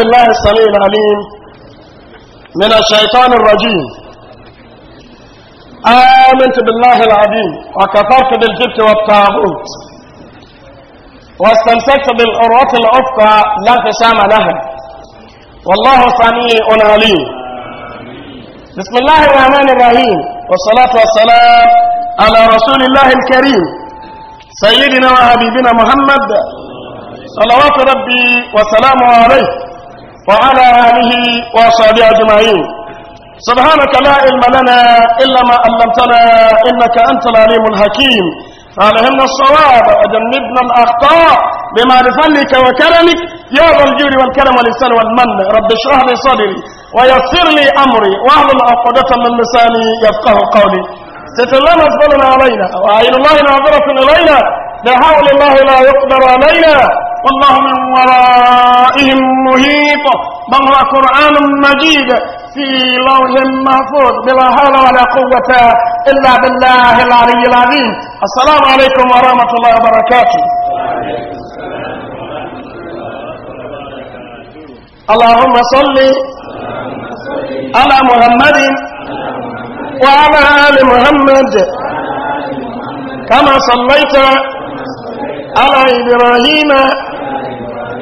الله السميع العليم من الشيطان الرجيم آمنت بالله العظيم وكفرت بالجبت والطاغوت واستمسكت بالعروة العفقى لا انقسام لها والله سميع عليم بسم الله الرحمن الرحيم والصلاة والسلام على رسول الله الكريم سيدنا وحبيبنا محمد صلوات ربي وسلامه عليه وعلى آله وصحبه أجمعين سبحانك لا علم لنا إلا ما علمتنا إنك أنت العليم الحكيم فعلهمنا الصواب وجنبنا الأخطاء بما لفضلك وكرمك يا ذا الجود والكرم والإحسان والمن رب اشرح لي صدري ويسر لي أمري وأهل عقدة من لساني يفقه قولي ستر الله علينا وعين الله ناظرة إلينا بحول الله لا يقدر علينا والله من ورائهم محيط بل هو قرآن مجيد في لوح محفوظ بلا حول ولا قوة إلا بالله العلي العظيم السلام عليكم ورحمة الله وبركاته اللهم صل على محمد وعلى آل محمد كما صليت على إبراهيم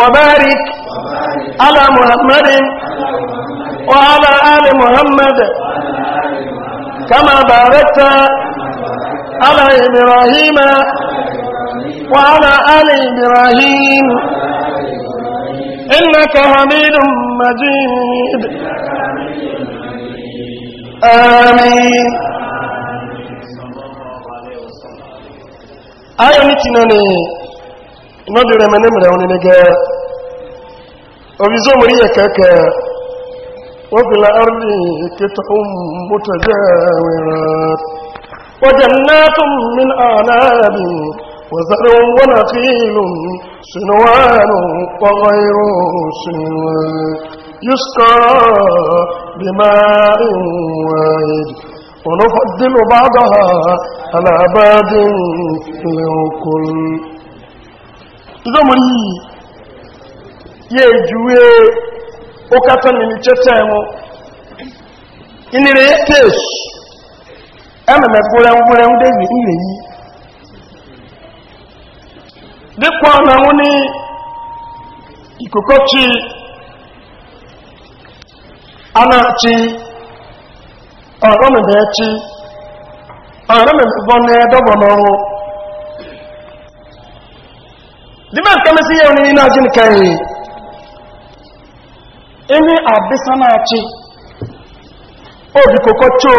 وبارك على محمد وعلى آل محمد كما باركت على إبراهيم وعلى آل إبراهيم إنك حميد مجيد آمين آية نتنا نادر من نمر ونجا وفي زمرية كاكا وفي الأرض كتحم متجاورات وجنات من أعناب وزرع ونخيل سنوان وغير سنوان يسقى بماء واحد ونفضل بعضها على باد لكل zomri ya ejuwe ụkata n'imicheta enwu inire ya keshi ememe bụrụ enwere ndị enyi nne yi dịkwa na nwuni ikukochi anachi ọrọmebe chi ọrọmebe bụ na edọbọ dìbẹ́ nǹkan mẹ́sí yẹ́ òní iná jín kẹrì inú àbísánáàchí òbíkòkò tó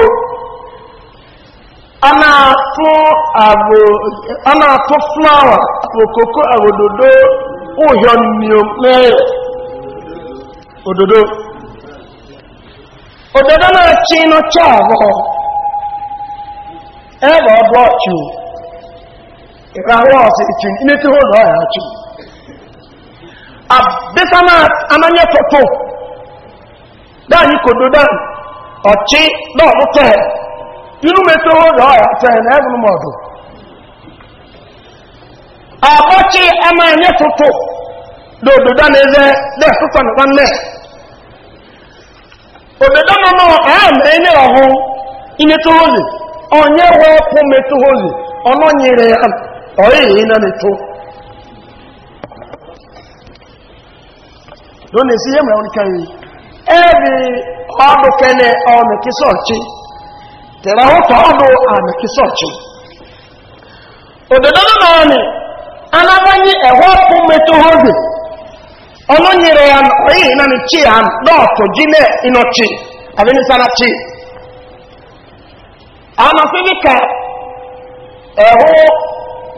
anáàtó fúláwà òkòkò àwòdòdó òyọ ni o mẹ́rẹ̀ òdòdó òdòdó náà chi inú chọ́ àwọ̀ ẹ̀rọ ìràwọ̀ ọ̀sẹ̀ ìtìrì ilé tí ó lọ ẹ̀ àjò àbẹ́sánà amányẹ́tọ̀tọ̀ dáàyí kò dó dáàyí na lọ́ọ̀rọ̀ tẹ̀ inú mẹ́tí ó lọ ẹ̀ àtẹ̀ lẹ́rùn mọ̀dù àbọ́chí na ọ nọ nyere ya ọ̀rẹ́ èyí náà ni tó lónìí sí yẹ́mù ẹ̀wọ̀n kẹrì ẹ̀bí ọdún kẹ́lẹ̀ ọ̀nàkí sọ̀ọ̀chí tẹ̀rẹ̀hútọ̀ ọdún ànàkí sọ̀ọ̀chí òdòdó na ya àwọn ẹ̀họ́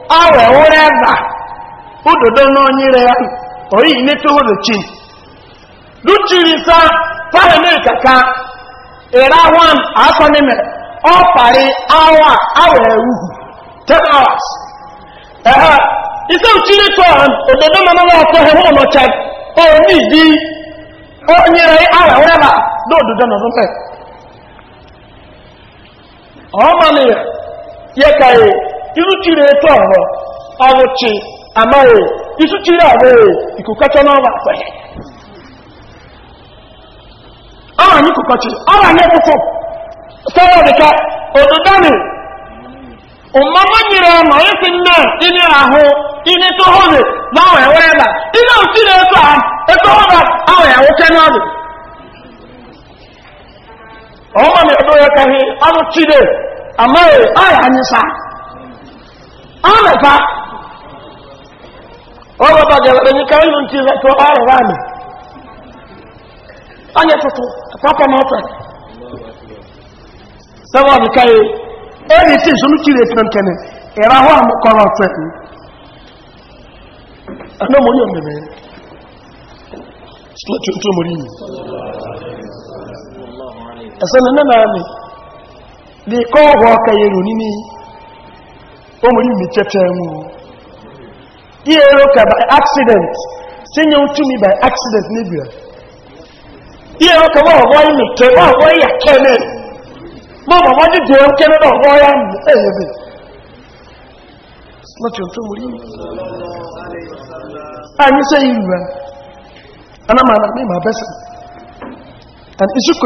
awa ewure eba udodo n'onyere ya oyi netuhu ruchi ruchiri sa fara ne kaka ira wan afa ne mere ọ pari awa awa ewuhu ten hours ehe ise uchiri to an ododo mama wa ọkọ hehu ọmọcha omi onyere awa do na ọ ne irúchiri ètò ọ̀rọ̀ ọ̀rọ̀chi àmáyè isúchiri àwòrè ìkùkọ́tọ́ n'ọba àpẹẹrẹ ọ̀rọ̀ ní kùkọ́tì ọ̀rọ̀ ní ẹ̀kúkọ́ sọ́wọ́ ọ̀dẹ̀kẹ́ òdòdó ni ọmọọmọ nyere ọmọ ẹsẹ nne ịnị ahụ ịnị tụhụrụ n'ahụ ewere ba ịnị osi na-eto ha eto ha ba ahụ ya nwoke n'ọdụ ọmọ mi ọdụ ya kaghị ọdụ chide amaghị ọrịa anyị saa ọmọfà ọwọ́ bàjẹ̀ ẹni kẹrin ló ń ti rẹ̀ tó ọrọ̀ wà mí ọnyẹ tuntun pápá náà tẹ̀ nkene kiri ètò nkẹ́ni kọrọ hó àmúkọrọ̀ ọ̀tẹ̀ ní ẹ̀nà mo ní ọ̀mẹ̀mẹ̀ slọ́tì tó mo rí yìí ẹ̀sẹ̀ mi náà mi o nwere imi cheta enwu ihe ụka by accident sinye otu mi by accident n'ibia ihe eroka bọ ọgbọ ime ke ọgbọ ya kene bọ ọgbọ dị ewu kene ọgbọ ya mbụ eyebe lọ́tí ọ̀tọ́ orí àyí sẹ́ ìrùwẹ̀ anamàna ní ìmà bẹ́sẹ̀ ìsúkò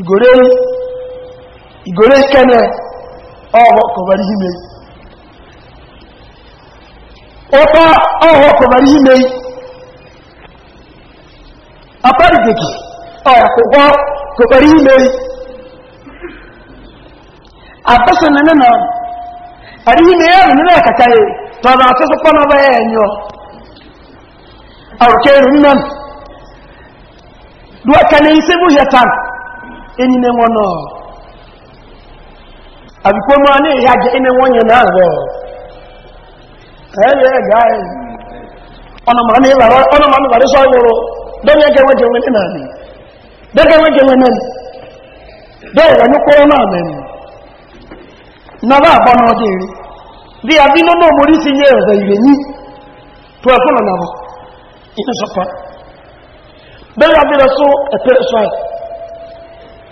igore igore kene ọhọ kọbara ime ụta ọhọ kọbara ime aparigeki ọhọ kọbara ime abasa nene na arihi ime, ya nene na kakaye tọrọ atụtụ kwana ba ya enyo arukeru nnan duwa kanin sebu ya enyine nwono abikwa mu ani ya je ine wonye na zo eh yeah guys ono ma ni la ono ma ni la so yoro don ye gewe gewe ni na ni de gewe gewe ni de la ni na me ni na ba bo na je ri bi abi no na mori si ye ze ire ni to e na bo ina so pa bẹ́ẹ̀ àbí rẹ̀ sún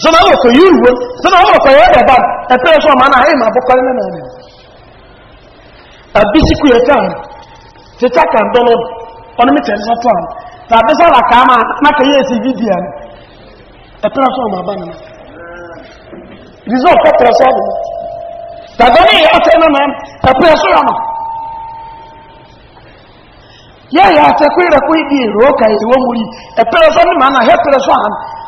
sọ́nà àwọn ọ̀kọ̀ yìí rúwọ́ sọ́nà àwọn ọ̀kọ̀ yẹ́ ẹ̀bá ẹ̀pẹ́ ẹ̀ṣọ́ ọmọ náà ẹ̀mà bọ́kọ́ ẹ̀mẹ́ náà rẹ̀ àbísíkú yẹ káà títà kà dọ́lọ́ ọ̀nà mítẹ̀ sọ́tọ̀ àrùn tàbí sọ́là kàá máa náà yẹ èsì fídíà ẹ̀pẹ́ ẹ̀ṣọ́ ọmọ àbá nìyà result kọ́pẹ̀rẹ̀ sọ́ọ̀bù tàbí ní ọ̀tẹ̀ náà ẹ̀pẹ́ ẹ̀ṣọ́ ọmọ yẹ́ yà àtẹ̀kú ìrẹ̀kú ìdí èrò ẹ̀pẹ́ ẹ̀ṣọ́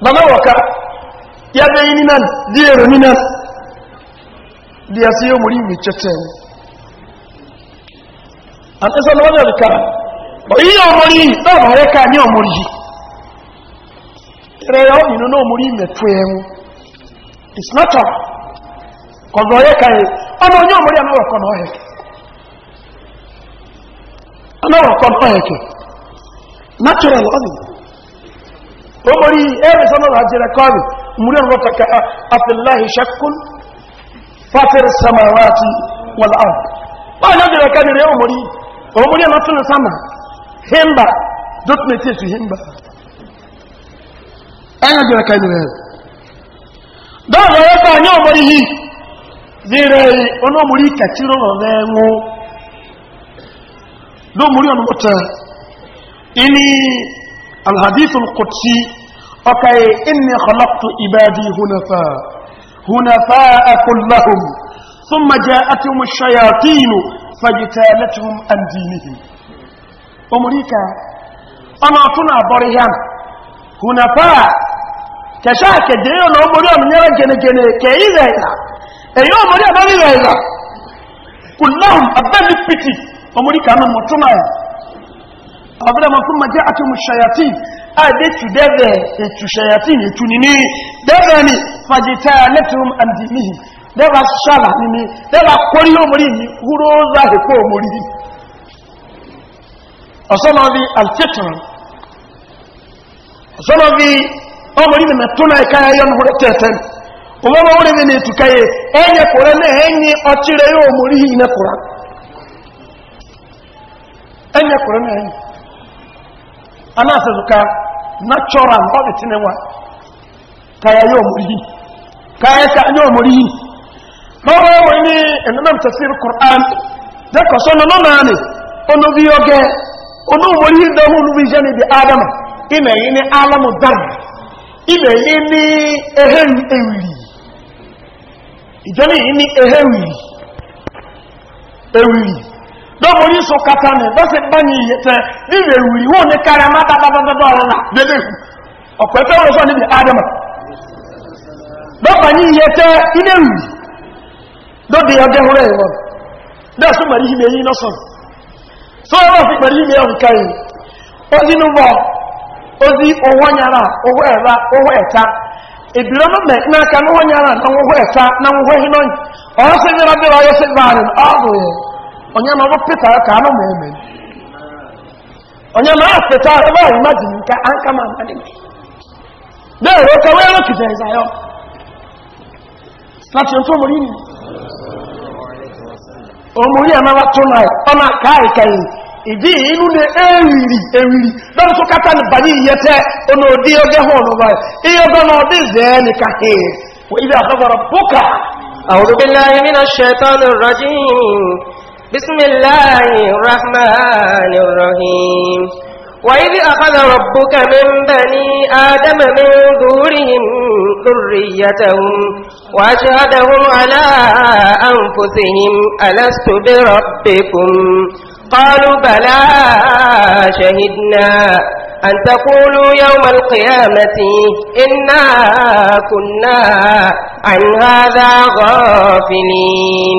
nana waka ya bɛyi ni nan di ero ni nan di ase yɛ omori mi kyɛkyɛn ante sɛ lɔɔre de kaa oyi omori yi na ɔba yɛ kaa nyɛ omori yi yɛrɛ yɛ ɔnyi no na omori yi mɛto yɛ ho it's not all kɔdɔ yɛ kaa yɛ e. ɔna onye omori ana wɔkɔ na ɔyɛ ana wɔkɔ na ɔyɛ kɛ natural ɔnyi omori ẹ̀rẹ̀ sọ́nà àjẹrẹ kọ́rù múrí ọ̀rọ̀ kàkà àfìláhì ṣakún fàfẹ́ samarati wọ́n láàrùn wọ́n yóò jẹ́rẹ̀ kẹ́rì rẹ̀ omori omori ẹ̀rọ sọ́nà sama himba dókùnẹ̀tì ètù himba ẹ̀yà jẹ́rẹ̀ kẹ́rì rẹ̀ dọ́ọ̀lọ́ rẹ̀ kọ́ ní omori yìí zèrè onomori kàtírò rẹ̀ wọ́n lómori ọ̀nà mọ́ta ìní الحديث القدسي أوكي إني خلقت عبادي هنفاء هنفاء كلهم ثم جاءتهم الشياطين فاجتالتهم عن دينهم أمريكا أنا أتنا بريان هنفاء كشاك ديون أمريكا من يرى جنة جنة كإذا إذا أيوم أمريكا من يرى كلهم أبدا لبتي أمريكا أنا متنا ọ̀bẹ̀rẹ̀ mọ̀ fún mọ̀jẹ́ àti mùsàyàtì àìdẹ́tù dẹ́rẹ̀ ètù sàyàtì ètù nìní dẹ́rẹ̀ ni fàjìtà lẹ́tùrùm àndìmí dẹ́rẹ̀ sàlà nìní dẹ́rẹ̀ kórí omori yìí húró záhìkó omori yìí ọ̀sọ́nàbí alfitr ọ̀sọ́nàbí omori mẹ́mẹ́ tó náà káyà yọnu húrẹ́ tẹ́tẹ́ òmọ́mọ́ wọ́n rẹ̀ ní ètù káyẹ ẹ̀yẹ kòrẹ́ náà ẹ̀yẹ ọtí rẹ̀ yóò yìí anaasịzụka natural ọ dị tinewa ka ya yọ omori ka ya ka anyị omori yi n'ọrụ ewe ni enumem tafsir quran dịka ọsọ nọ naanị bi oge onu omori ndị ọhụụ bi Jeni dị adama ime yi ni alamu dara ime yi ni eheri ewiri ijọ ni yi ni eheri ewiri dɔbɔ yi so kata ne bɛsɛ ba ni yie tɛ ne yɛ wuli wo ne kari ne le ɔkɔɛ sɔ ne bi adama ni tɛ i ne wuli dɛ mari yi mi na sɔn yɛ wɔn fi mari yi mi yɛ yi bɔ ɔwɔ nyara ɔwɔ ɛra ɔwɔ ɛta no mɛ na ɛta hinɔ ɔyɔ sɛ nyara bi ɔyɔ onye na ọrụ pita ka anụ ma eme onye na ebe ahụ mmadụ nke aka ma na ka wee ya ntụ a mara tụ na ọ na ka anyị ka anyị ìdí inú ni ewìrì ewìrì lọ́rọ̀ tó kátà ní bàní ìyẹtẹ́ ọ̀nà òdí ọjọ́ hàn ọ̀nà báyìí iye ọgbọ́n náà ọdí ìzẹ́ ní kàkiri wọ́n ibi أعوذ بالله من الشيطان الرجيم بسم الله الرحمن الرحيم وإذ أخذ ربك من بني آدم من ظهورهم ذريتهم وأشهدهم على أنفسهم ألست بربكم قالوا بلى شهدنا أن تقولوا يوم القيامة إنا كنا عن هذا غافلين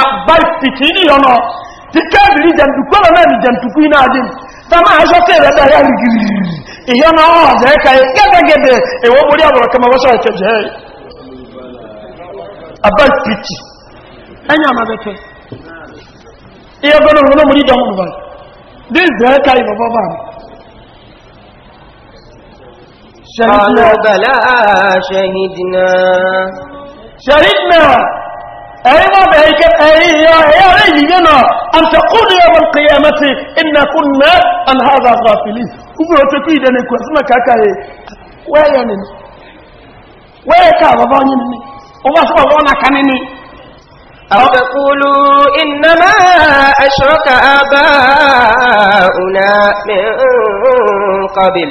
àbá ìfìtì ní ọ̀nà ti kẹ́bìrì jẹ̀ǹdùkú ọ̀nà ní jẹ̀ǹdùkú iná adé tàbí aṣọ tí ẹ̀rẹ́ dáyà rìgìrì ìyọ́nà ọ̀dẹ́ ẹ̀ka gẹ́gẹ́gẹ́dẹ́ èwọ́ borí àbọ̀rọ̀ kẹmọ́wọ́sọ ìkẹjẹ́ àbá ìfìtì ẹ̀yìn àmàbẹ̀tẹ̀ iye gbọ́nà ọ̀nà mú níjọ mú nìbàlẹ̀ díìzẹ̀ ẹ̀ka أيضا بهيك أيها أيها لنا أن تقول يوم القيامة إن كنا عن هذا غافلين كبر تكيد أن يكون اسمك كاي وين ويك وضعني وما شاء الله أنا كنني أو تقولوا إنما أشرك آباؤنا من قبل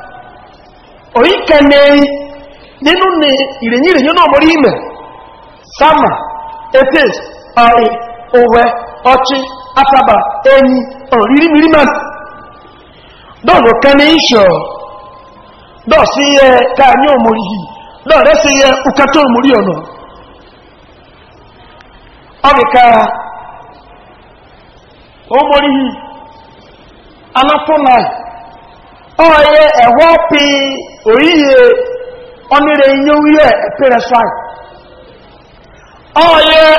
oríkẹ́ni nínú ni ìrìnyìrìnyìn náà mọ́rí ìmẹ̀ sáàmà etes ọ̀rì òwẹ́ ọchí àtàbà ẹni ọ̀rírí mìíràn dọ́ọ̀lù kẹ́ni ìṣọ̀ dọ́ọ̀sí ka aláfọ́nà ọ̀yẹ ẹ̀wọ́ pín oyiye ɔnere nye wuyɛ ɛpere so ayi ɔyɛ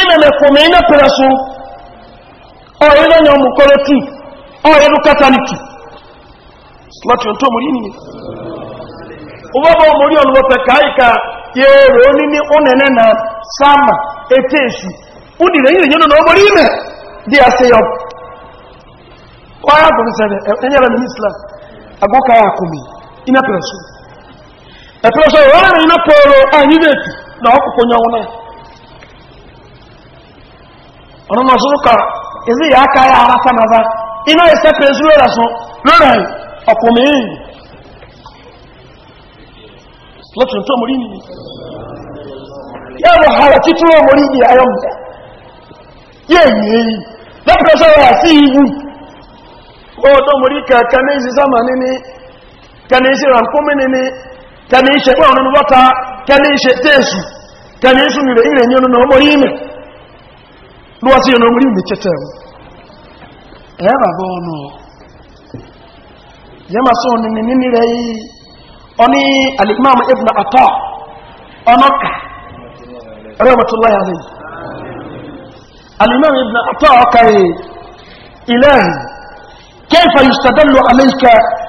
imeme pere so ɔyɛ ne ɔmo kɔrɔ tu ɔyɛ no kata ne tu mo yi nìyɛ o bɔ ɔmo yi ɔno wɔpɛ káyì ká yéèrè ó ɔnene na sáàmà ètè èsù ó di rẹ̀ yìnyín nínú ɔmo yi mɛ di ase islam ina preso e preso wala na ina poro anyi beti na okuko nyawona ono no suruka izi ya aka ya arata na za ina ese preso wala so lora okumi lotun to mori ni ya bo hala ti tuwo mori ni ayo mta ye ye da preso wala si ibu o to mori ka kanin si sama ni ni kẹni ṣe rankumi nini kẹni ṣe pẹ́ ònú wọ́ta kẹni ṣe tẹ́ẹ̀sù kẹni ṣe rẹ̀ ìrẹ̀ ní ọ̀nà ọmọ yìí mẹ́ lọ́wọ́ sí ọ̀nà orí mi kẹtẹ̀ ọ̀ ẹ̀ bàbá ọ̀nà yẹ́mà sọ nínú nínú rẹ̀ yìí ọní alimam kẹfà yìí sàdọ́lù àmẹ́ríkà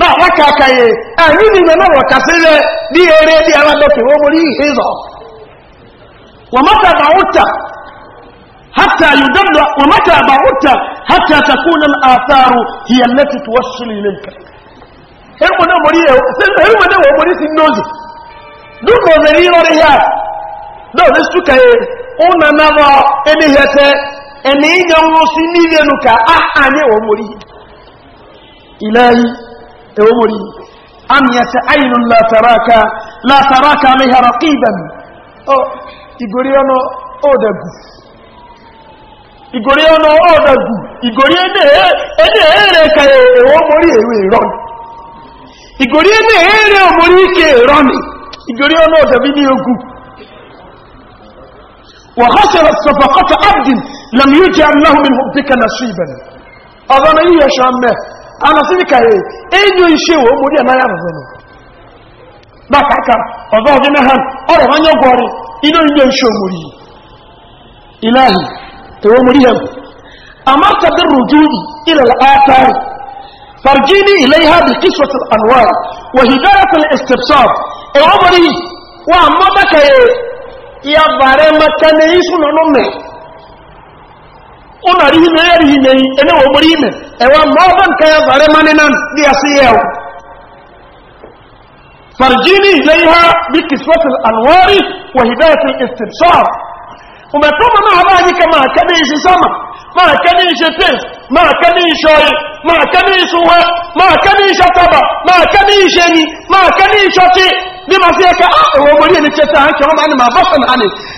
náà wọ́n kàkà yẹ ẹ̀yí ni ìgbẹ̀ náà wọ̀kà sílẹ̀ bí eré bí ara lọ́kì wọ́n mú rí ìhìzọ̀ wọ́n mọ́ta àbáwúta hátà yùdọ́dọ̀ wọ́n mọ́ta àbáwúta hátà takúnà àtàrù hìyànlẹ́tù tó wọ́ṣìlì ilé nǹkan ẹ̀rùmọ̀ náà wọ́n mú sí nọ́ọ̀sì dúkọ̀ ọ̀sẹ̀ ní ìrọ̀rẹ̀ yá náà ní ṣúkà yẹ ó nà náà wọ ẹni hẹtẹ ká á àyẹ̀ wọ́n mú rí ìlẹ́yìn أمري أمية عين لا تراك لا تراك عليها رقيبا أو إغوريانو أودغو إغوريانو أودغو إغوريانو أنا أنا كاي أمري أوي رون إغوريانو أنا أمري كي روني إغوريانو أودغو يوغو وخسرت صفقة عبد لم يجعل له من حبك نصيبا أظن إيه شامه anasirikare enyo ishe wo mori anaya rozono ba kaka ozo ozo na han oro manyo gori ino ndo ishe mori ilahi to wo mori han amarta bir rujudi ila al athar farjini ilayha bi qiswat al anwar wa hidayat al istibsar e wa amma ya bare makane isu nono me ona rihinye ya rihinye yi ene wo mori ime ewa mmoja ka ya zare mani nan di ya o yau farjini ilaiha bi kiswatil anwari wa hidayatil istibsar umetuma ma habaji kama kani isi sama ma kani isi tis ma kani ishoi ma kani isuwe ma kani ishataba ma kani isheni ma bi kani ishoti bima siyaka ah ewa mori ni chesa hanki wama ani mabashan ani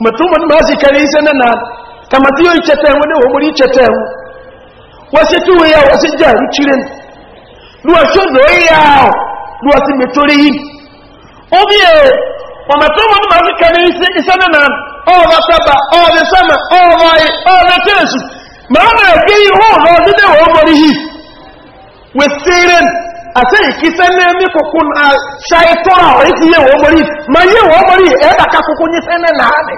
mutumin masu kare isa na na kamata yau ce tayin wani wamuri ce tayin wasu tuwaya wasu jaru cirin duwashin zoya duwasi metori yi obiye wa mutumin masu kare isa na na ọba saba ọba sama ọba ase ikise nemi kokun a shaitora oriki ye wo mori ma ye wo mori e ba ka kokun ni sene na ade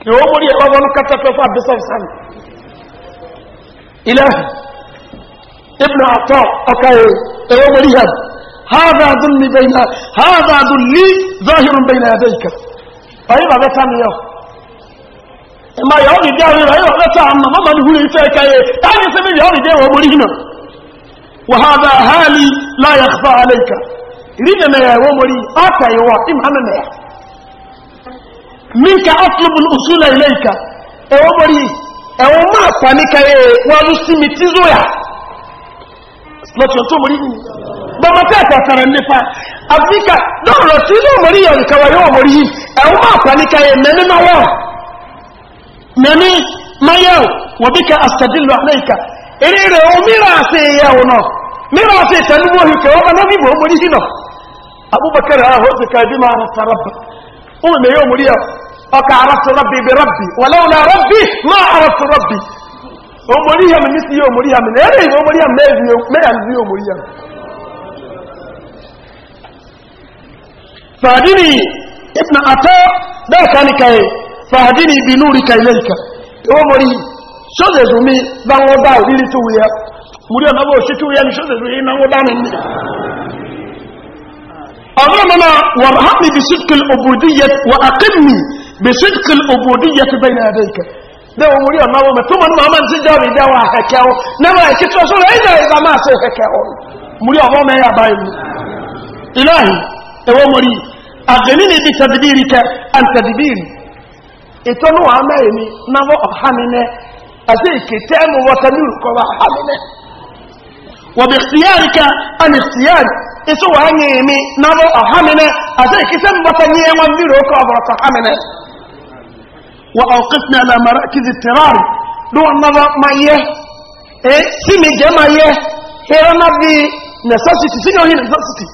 ki wo mori e ba wonu kata to fa bi san san ila ibn ata akaye e wo mori ha hada dhulli bayna hada dhulli zahirun bayna yadayka ayi ba betani yo ma ya ọrị dị arịrị ịrọ ọlọta ama mama ni huru ife ka ye ta ni sebe yọ ọrị dị ewe omori hina wahada hali la ya fa alaika iri na ya ewe omori ọka iwa ima na na ya min ka atlubul usula ilaika ewe omori ewe ma kwa ka wa ya lọtọ tó bàbá nípa yóò yìí mẹ́rin náà wọ́n nani mayau wabika astadillu alayka erere o mirase yau no mirase tanubo hike o na bibo mo disino abubakar ha ah, hoje ka bima arafta rabb o me yo muri ya o ka arafta rabbi bi rabbi walaula rabbi ma arafta rabbi o muri ya mi si yo muri ya mi ere o muri ya me yo me ya mi yo muri ya fadili ibn ata da kanika فهدني بنورك إليك ومريه شوزه مي بان وضعه للي توي مريه نبو شتوي يعني شوزه مي بان وضعه مني أظلمنا وارهبني بصدق الأبودية وأقمني بصدق الأبودية بين يديك دو مريه نبو ما توم أنه من زجاري دو هكاو نما يكتو سورة إيه إذا إذا ما سي هكاو مريه نبو ما يبايني إلهي ومريه أغنيني بتدبيرك أن تدبيرك ètò ní wàá mẹ́rin ni náwó ọ̀háninẹ́ àti ìkìtẹ́ ẹnu wọ́tẹ́lúrù kọ́ wa ọ̀háninẹ́ wọ̀bí síyárì ká ẹni síyárì ètò wàá yẹn mi náwó ọ̀háninẹ́ àti ìkìtẹ́ ẹnu wọ́tẹ́lúrù yẹn wọn lúrù kọ́ ọ̀bọ̀ ọ̀háninẹ́ wọ́n ọ̀kìtìní alamara kìdí tẹ̀rọ̀rì ní wọn náwó máa yẹ ẹ sí mi jẹ́ máa yẹ ẹ náà necessity sí ni yẹ necessity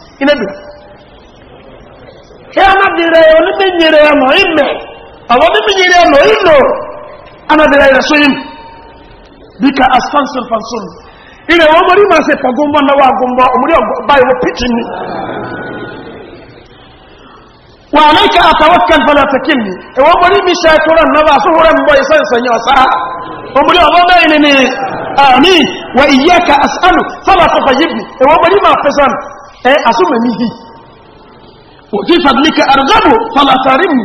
àwọn mímí yìí rẹ̀ lọ ìlò anàbẹ̀rẹ̀ rẹ̀ sóyìn bí ká asfansir fansun ilẹ̀ wọn mọ̀rí máa ṣe pàgọ́mbọ́ náwà agọ́mbọ́ ọmọdé ọgbà ìwọ pìtì ni wà aláìka àtàwọ́kẹ́ fọlá tẹ̀kìn ni ẹ̀wọ́n mọ̀rí mi ṣe ẹ̀kọ́ rẹ̀ náwà sóhóró ń bọ́ iṣẹ́ ìṣẹ̀yìn ọ̀sá ọmọdé ọgbà bẹ́ẹ̀ ni àmì wà ìyẹ́ka asánù fọlá tọ̀fà yìí ẹ̀wọ́n mọ̀rí máa fẹsán ẹ̀ asúmẹ̀mí yìí òfin fàdílíkà àrùgbàbò fọlá tàrí mi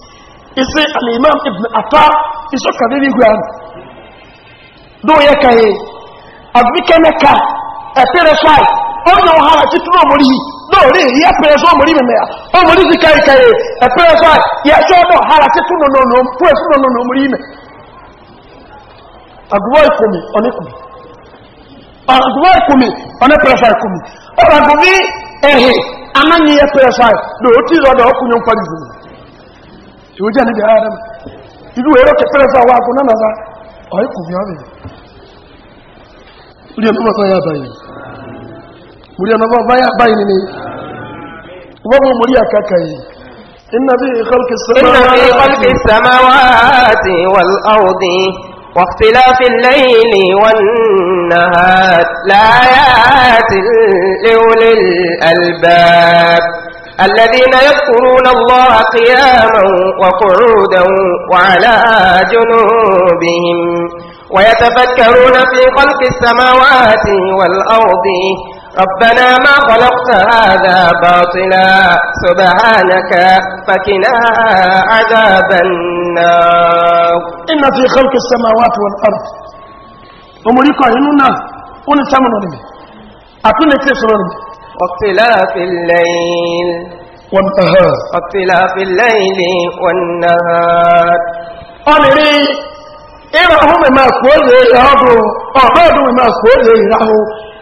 isi al'imam ibn ata iso kadiri gwan do ya kaye abike na ka efere fai onye ọhara titun omori lóòrí yí ẹ̀pẹ̀rẹ̀ sọ omori mẹ́mẹ́ ya omori ti kaye kaye ẹ̀pẹ̀rẹ̀ fai yẹ ṣọ́ ọmọ ọhara titun nọ̀nà fún ẹ̀sùn nọ̀nà omori mẹ́ agùwọ́ ìkùnmi ọ̀nẹ́kùnmi agùwọ́ ìkùnmi ọ̀nẹ́pẹ̀rẹ̀ fai kùnmi ọ̀rọ̀ agùnmi ẹ̀hìn anáyẹ ẹ̀pẹ̀rẹ̀ fai lóòtí lọ́dọ̀ ọkùnrin pàdé ìwòjẹ́ ní ìdáadẹ́mù ìlú ẹ̀rọ kẹfẹ́rẹ́ fún àwọn agun náà náà ọ̀yí kò fi ọ́bẹ̀ múrí ẹ̀nà ọmọ sọ́yà báyìí múrí ẹ̀nà ọmọ báyà báyìí ni rẹ̀mù ilu ero kefere fun wà kò naa naa oyi واختلاف الليل والنهار لا ياتي لأولي الألباب الذين يذكرون الله قياما وقعودا وعلى جنوبهم ويتفكرون في خلق السماوات والأرض ربنا ما خلقت هذا باطلا سبحانك فكنا عذاب النار إن في خلق السماوات والأرض ومريكا هنونا ونسامنا نمي أكون نتسرنا نمي واختلاف الليل والنهار واختلاف الليل والنهار أمري إذا هم ما كل يهدو أهدو ما كل يهدو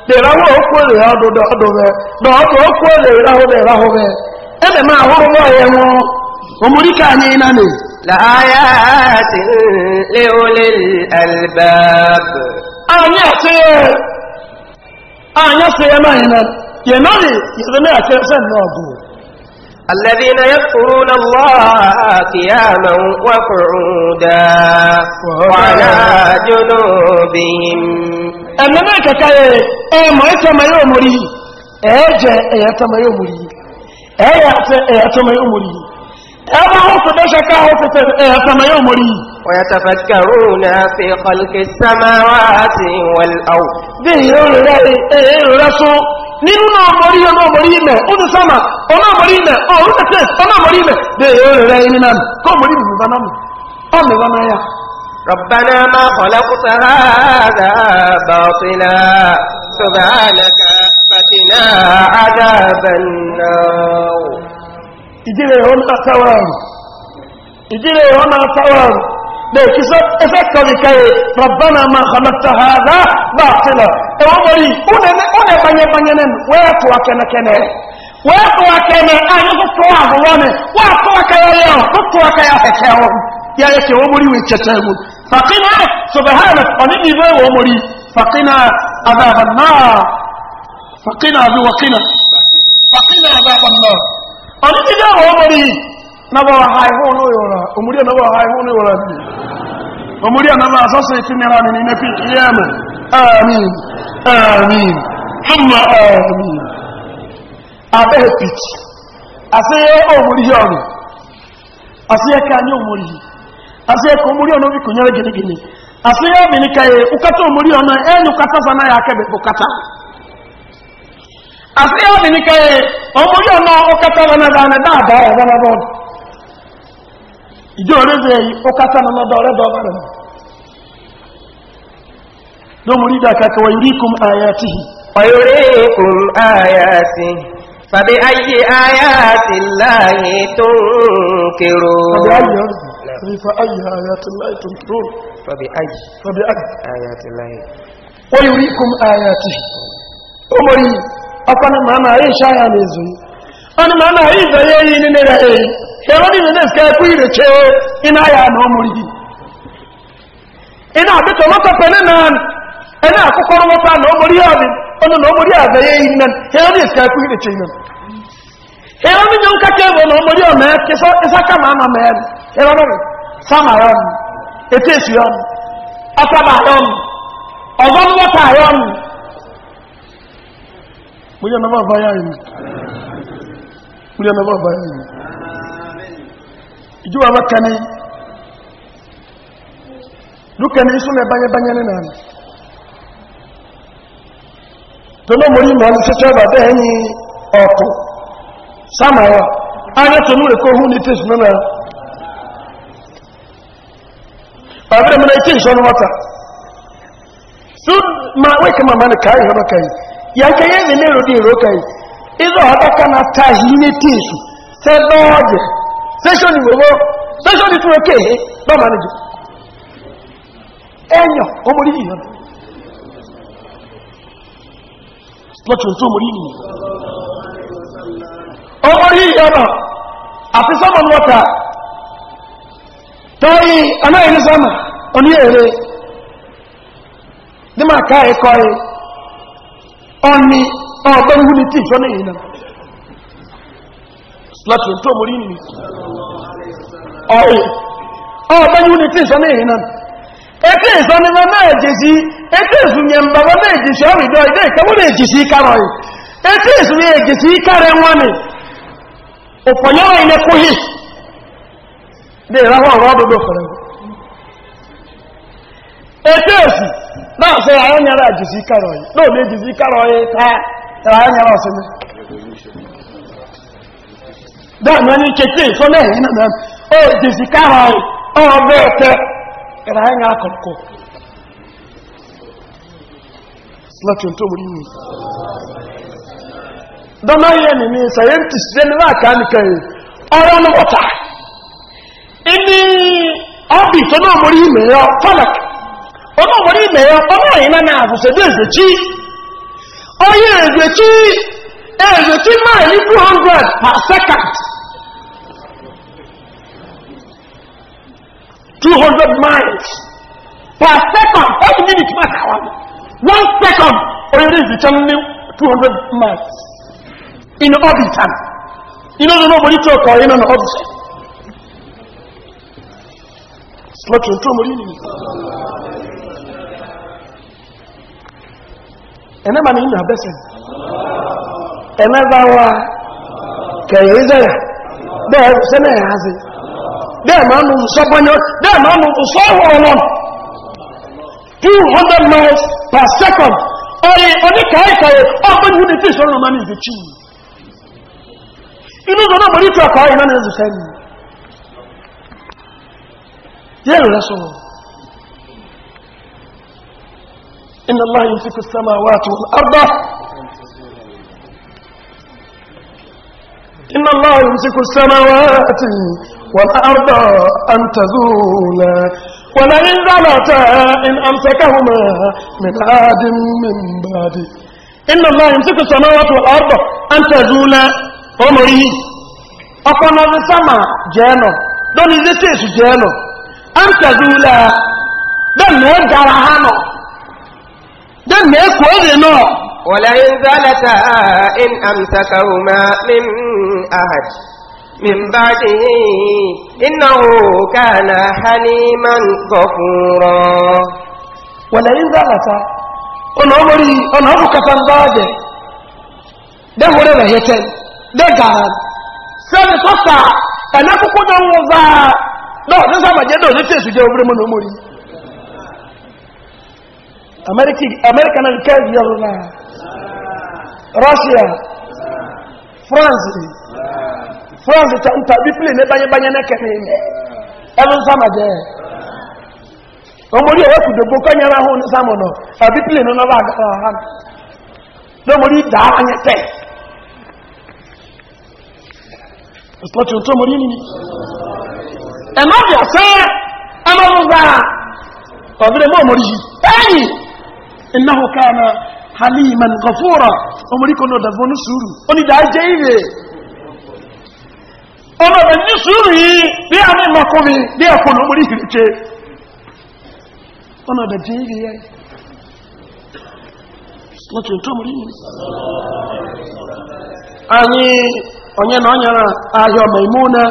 لراو أكل يهدو دهدو دهدو أكل يهدو دهدو إذا ما هو ما يهدو ومريكا أني ناني لآيات لأولي الألباب أن سيئ أن سيئ ما هنا. الذين يذكرون الله قياما وقعودا وعلى جنوبهم أنا ما كتاي أما يتما يومري أجا يتما يومري أيا يتما يومري أما هو تدشك هو يتما يومري ويتفكرون في خلق السماوات والأرض به رسول nínú náà mọ̀rí ọ̀nà mọ̀rí ilẹ̀ oṣù sọ́mà ọ̀nà mọ̀rí ilẹ̀ ọ̀rún tẹ̀tẹ̀ ọ̀nà mọ̀rí ilẹ̀ bẹ̀rẹ̀ rẹ̀ inú náà kọ́ mọ̀rí ìlú bá náà ọ̀nà ìwà náà yá. ربنا ما خلقت هذا باطلا سبحانك فقنا عذاب النار بيكسب افكت لكي ربنا ما خلقت هذا باطلا اوامري انا انا بني بني نن ويتو اكن كن ويتو اكن انا كنت واغ وانا ويتو اكن يا كنت اكن يا هكاو يا يكي اوامري ويتشتم فقنا سبحانك قلبي ما اوامري فقنا عذاب النار فقنا بوقنا فقنا عذاب النار قلبي ما اوامري nabɔ ha ihu no yɔra omuriya nabɔ ha ihu no yɔra bi omuriya nabɔ asɔsɔ efi nira ni ni nefi yɛmɛ amin amin hamma amin abe pitch ase yɛ omuriya ɔno ase yɛ ka nye omuriya ase yɛ ka omuriya ɔno bi kunyɛrɛ gini ase yɛ ɔbi ni ka yɛ ukata omuriya ɔno ɛnyɛ ukata sana yɛ akɛbɛ ukata ase yɛ ɔbi ni ka yɛ omuriya ukata wɔn na ba na dada ba ɔbɔ ìjọ orézè yìí ó kásá na mọ́dọ̀ ọ̀rẹ́dọ̀ ọba rẹ̀ ló mú rídà kàkà wà ìríkùn àyàtì ọ̀yọ̀rẹ́kùn àyàtì fàbí ayé àyàtì láàyè tó ń kèrò fàbí ayé àyàtì láàyè wọ́n yìí ríkùn àyàtì màmá wani ma na yi zaye yi ni ne da ya yi wani ne suka yi kuyi da ce ina ya na omori ina abita wata fene na ina akwukwar wata na omori ya bi wani na omori ya zaye yi nan ya wani suka yi kuyi da ce nan ya wani yan kake bo na omori ya mai kisa isa kama ama mai ya wani sama ya wani ete su ya wani asaba ya wani ọgbọn wata ya wani Mo yẹ na bá bá yá yìí kúlẹ̀ ọmọ bọ́ọ̀bọ̀ ní ìlú ìjọba bá kaní lókẹni ìsúnlẹ̀ bányẹbányẹ nínú àmì tọ́lọ́mọ̀rí ma ní ṣẹ́ṣẹ́ bà bẹ́ẹ̀ ní ọ̀tọ̀ sámàwà ayẹ́tọ̀nú ẹ̀kọ́ hún ní tẹ́sù mẹ́mẹ́ bàbá mẹ́rin ẹ̀kí ìṣọ́nù wata sún ma wẹ́kẹ̀ màmá ní káyọ̀ lọ́kẹ̀ yìí yàkẹ́yẹ́ ní lérò dí ìrókẹ̀ yìí ịzụ na taji ihe tinsu sẹdọ ọjẹ sẹsọn ìwòwò sẹsọn ìfúnra kéhe lọmọ nìjọ ẹnyọ ọmọdé yìí yọrọ lọtún tó ọmọdé yìí ọmọdé yìí yọrọ àti sọmọ lọta tọ́yì anáyìn ní sọmọ oníyèrè onye Ọ wúni tí ìṣọ́ lẹ́yìn náà na tó mú rí nìí ọ̀rẹ́ ọ̀gbọ́n na tí ìṣọ́ lẹ́yìn náà ẹkẹ́ ìṣọ́ ni wọ́n náà jẹ ẹkẹ́ ìṣúnyẹ mbàbọ́ náà jẹ ọ̀rìdọ́ ilé ìkẹwọ́ náà jẹ sí náà àwọn yìí lè yìí káà ẹ̀rọ ayẹyẹ ọ̀sẹ̀ mi bẹ́ẹ̀ mọ́ ní kété ìfọ́lẹ̀ yìí náà ó jèsì káwà ọ̀bẹ̀ ọ̀tẹ́ ẹ̀rọ ayẹyẹ akọ̀kọ̀ látíun tó múrí mi dọ́nà yẹ ni ni scientist general akanika yìí ọ̀rọ̀ ní wọ́ta ibi ọ́bì tó náà múrí ìmẹ̀yọ fọ́lẹ̀ ọ̀nà múrí ìmẹ̀yọ ọmọ ìrìnà náà àfùsẹ̀dẹ̀ ọyẹ èrètí èrètí máa ní two hundred per second two hundred miles per second every minute máa kà wọn one second oyèrè ìdíjẹ́ ní two hundred miles in orbit am inú ọdún náà mo ní tí o kọ̀ ọ́ yín náà ọ̀dùn tó mo rí nìyí. ẹ̀nà ma ni yíò abẹ́sẹ̀ ẹ̀nà bá wá kẹ̀yẹ̀ ìzẹ̀yà bẹ́ẹ̀ sẹ́nà ẹ̀yà azẹ́ bẹ́ẹ̀ ma nù sọ́gbọ́nyọ́ bẹ́ẹ̀ ma nù sọ́wọ́rọ̀ náà 200 miles per second ọ̀rẹ́ oníkàáìkàáyẹ̀ ọgbọ́n ìhúdẹ̀ tí ìṣọ́rọ̀ ọmọ ní ìdíkì inú tó náà mọ̀ ní tí ọkọ̀ ayé náà ní ẹzùfẹ́ ni yẹ́ ìrẹ́sọ̀rọ̀ إن الله يمسك السماوات والأرض إن الله يمسك السماوات والأرض أن تزولا ولئن زالتا إن أمسكهما من عاد من بعد إن الله يمسك السماوات والأرض أن تزولا أمره أقنا السماء جانا دون إذا زيتيس جانا أن تزولا دون نور رحانو dẹ́n mẹ́ kò èrè náà. wọ̀lá ń zálata in amsakahu ma min ahad min bá ṣe ináwó kàánà haniman gọfúnrọ. wọ̀lá ń zálata ọ̀nà ọmọrí ọ̀nà ọmọkàtà ń bá jẹ dẹ́wọ̀rẹ́ rẹ̀ yẹtẹ́ dẹ́gàrà sẹ́ni sọ́sà ẹ̀nà kúkú náà ń wọ́n bá a náà ní sábà náà ní tẹ̀sù obìnrin mọ́nà Amerika Amerika na nke uh, na Russia, France, France ta nta bi plane banye na kene ime. Ebe nsama je. Omori ewe kudo boko nyara ho nsama no. Abi plane no ba ha. te. إنه كان حليما غفورا أمريكا نو دفن سورو أني دا جيبي أنا بن سوري دي أمي مكومي دي أكون أمريكا ريكي أنا دا جيبي يا لكن تمري أني أني نانيا أيوة ميمونة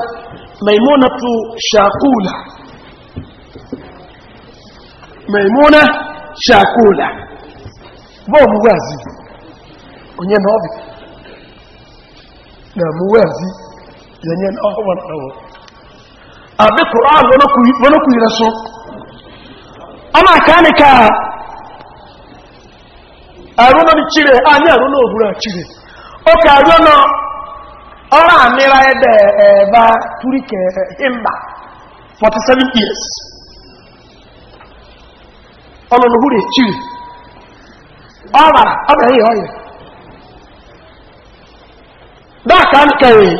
ميمونة شاقولة ميمونة شاقولة mgbe onye na ọbịa na omuwazi yenye na ọwa na ọwa abi qur'an wani kuyi rasu ana ka aru na cire anyị aru n'obodo a ka na ọrụ amịra ebe ebe turike himba 47 years ọbara ọbara ihe ọyịrị dọka nkere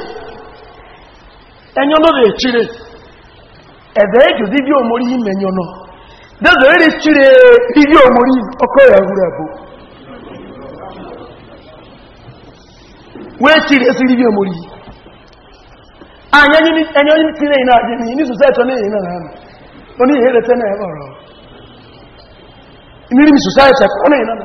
enyono dị echire ebe eji dịbịa omori ime nyono dọdọ eri chire dịbịa omori ọkọ ya hụrụ abụ wee chiri esi dịbịa omori anyị onye tiri na adị n'ihi n'izu sọsọ n'ihi na na onye ihe rete na-ebe ọrụ mmiri ya ọ na-enọ na na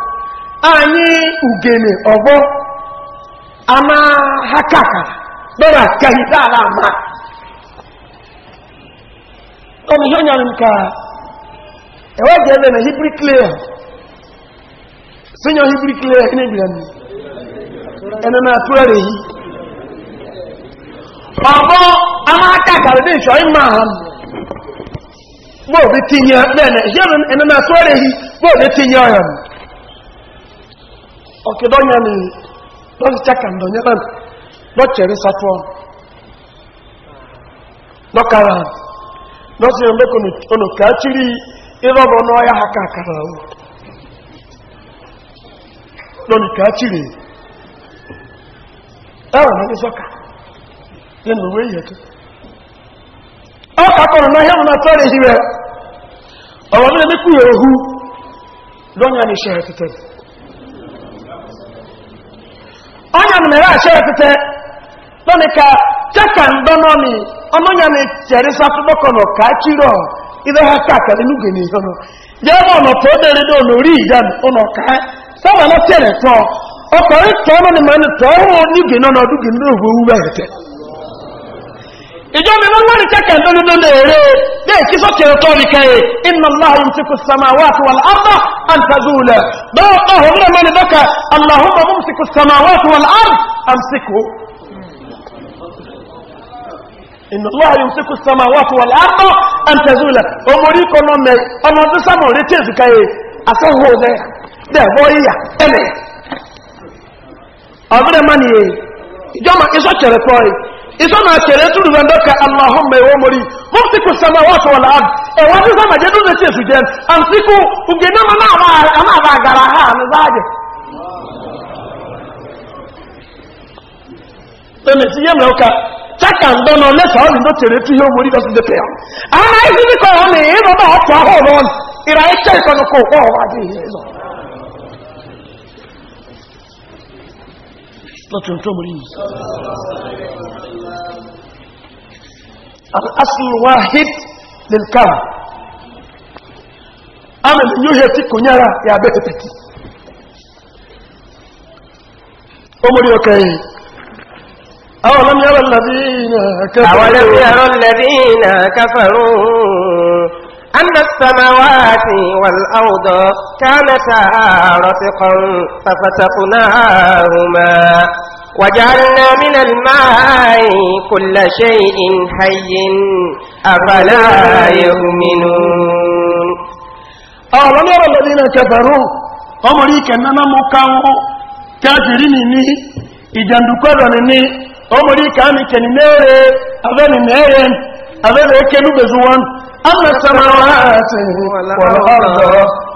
anyị ugene ọgbọ ama ha kakara dọra kahide ala ama ọmụ ihe nyere m ka enweghị ebe na clay klee sinyo hibri klee ihe ebiri anyị ene na atụgharị ehi ọgbọ ama ha kakara dị nchọ ịma ha mbụ obi tinye na ene na atụgharị ehi mbụ obi tinye ọya mbụ ọ̀kìdọ́nyà ni lọ́sìchaka ndọ̀nyẹ́rẹ́ lọ́chẹ̀rí safọ́ lọ́kàrà lọ́sì ẹ̀mẹ́kọ̀ onùkà chiri ìrọ̀rọ̀ n'ọ́yá ha kàkàrà ó lọ́nìkà chiri ẹwà ní ka nínú ìwé ìyẹ̀tọ́ ọkàkọ̀rọ̀ náà na náà tọ́rẹ̀ ìhìrẹ̀ ọ̀rọ̀ ní ẹ̀mẹ́kù mẹ́rẹ́ àṣẹ tẹ́tẹ́ no jẹ́kà ń dánmọ́ ni ọmọnyà ni tẹ̀rí sáfúnbọ́kọ̀nà káàkiri ilẹ̀ ẹ̀ka àkàlẹ́lú gẹ̀ẹ́nì ìsọ́nà yẹ́mọ̀ ọ̀nà tó dẹ̀rẹ̀ dẹ̀ ọ̀nà orí ìyá ọ̀nà ká sábà lọ́tẹ̀rẹ̀ tọ́ ọkọ̀ ìtọ́ ọ̀nà ni mọ̀ ní tọ́ ọ̀hún onígbẹ̀ẹ́ ìjọ mi wọ́n wọ́n kẹ́kẹ́ lónìí lónìí bẹ́ẹ̀ kí sọ́kẹ̀rẹ̀ tó ní kẹ́yẹ iná láàrín tí kò samáwàtí wà láàrín àtàzúlẹ̀ bẹ́ẹ̀ ọ̀hún náà mọ́ni bẹ́kẹ̀ aláhùnmọ́ mú sí kò samáwàtí wà láàrín àmsíkò iná láàrín tí kò samáwàtí wà láàrín àtàzúlẹ̀ omori kọ́nà mẹ́ ọmọ tó sámọ̀ rí tèzù kẹ́yẹ asẹ́hùn ọ̀dẹ́ bẹ́ẹ̀ bọ́ yíyà ẹ̀lẹ̀ ọ̀bẹ̀rẹ̀ mọ́ni ìjọ isọ́nà kẹrẹ túnú rẹ̀ lọ́kà aláhùnmẹ̀ ìwọ́ mọ̀rí mọ́síkù samáwọ́tò wọ̀lá àbì ẹ̀wà ní sọ́nà jẹ́ lónìí sí èsù jẹun àmsíkù náà bá gara ha ní záàjẹ̀ ẹ̀mẹ̀ sí yẹ́ mẹ́ọ̀ká chaka ndọ́nà lẹ́sà ọ́rì ló tẹ̀rẹ̀ tú yóò mọ̀rí lọ́sùn صلاة تمرين الأصل الواحد للكرم أنا من يهتي كنيرا يا بيت تكي أمري وكي أولم يرى الذين كفروا أولم يرى الذين كفروا أن السماوات والأرض كانتا رفقا ففتقناهما وجعلنا من الماء كل شيء حي أفلا يؤمنون أولم يرى الذين كفروا أمريك أننا مكاو كافرين ني إجندكوذن ني أمريك أنك نيري أذن نيري أذن يكنو بزوان أما السماوات والأرض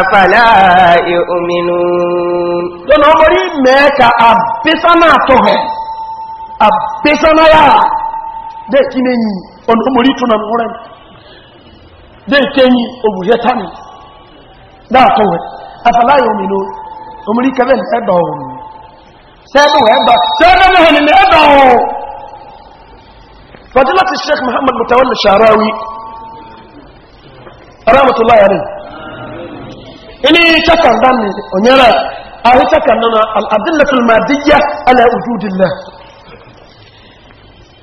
afala yu'minun lọ́nà ọmọrí mẹ́ẹ̀ka àbẹ́sánà àtọ̀hẹ̀ àbẹ́sánà yára dé kí ní yìí ọ̀nà ọmọrí túnà mọ́rẹ́ dé kéyí òbúyẹ tánì dáàtọ̀wẹ̀ afala yu'minun ọmọrí kẹfẹ́ ẹ̀dọ̀ ọ̀run sẹ́ẹ̀dọ̀ ẹ̀dọ̀ sẹ́ẹ̀dọ̀ ẹ̀dọ̀ ọ̀run ini takar dan ne onyara ahi takar nana al'adillatul madiyya ala wujudillah